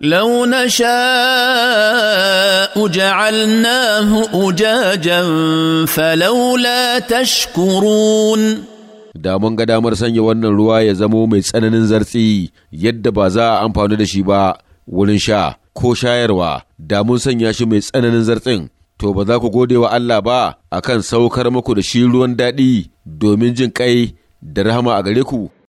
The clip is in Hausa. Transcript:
لو نشاء جعلناه أجاجا فلولا تشكرون da mun ga damar sanya wannan ruwa ya zamo mai tsananin zartsi yadda ba za a amfani da shi ba wurin sha ko shayarwa da mun sanya shi mai tsananin zartsin to ba za ku gode wa Allah ba akan saukar muku da shi ruwan daɗi domin jin ƙai da rahama a gare ku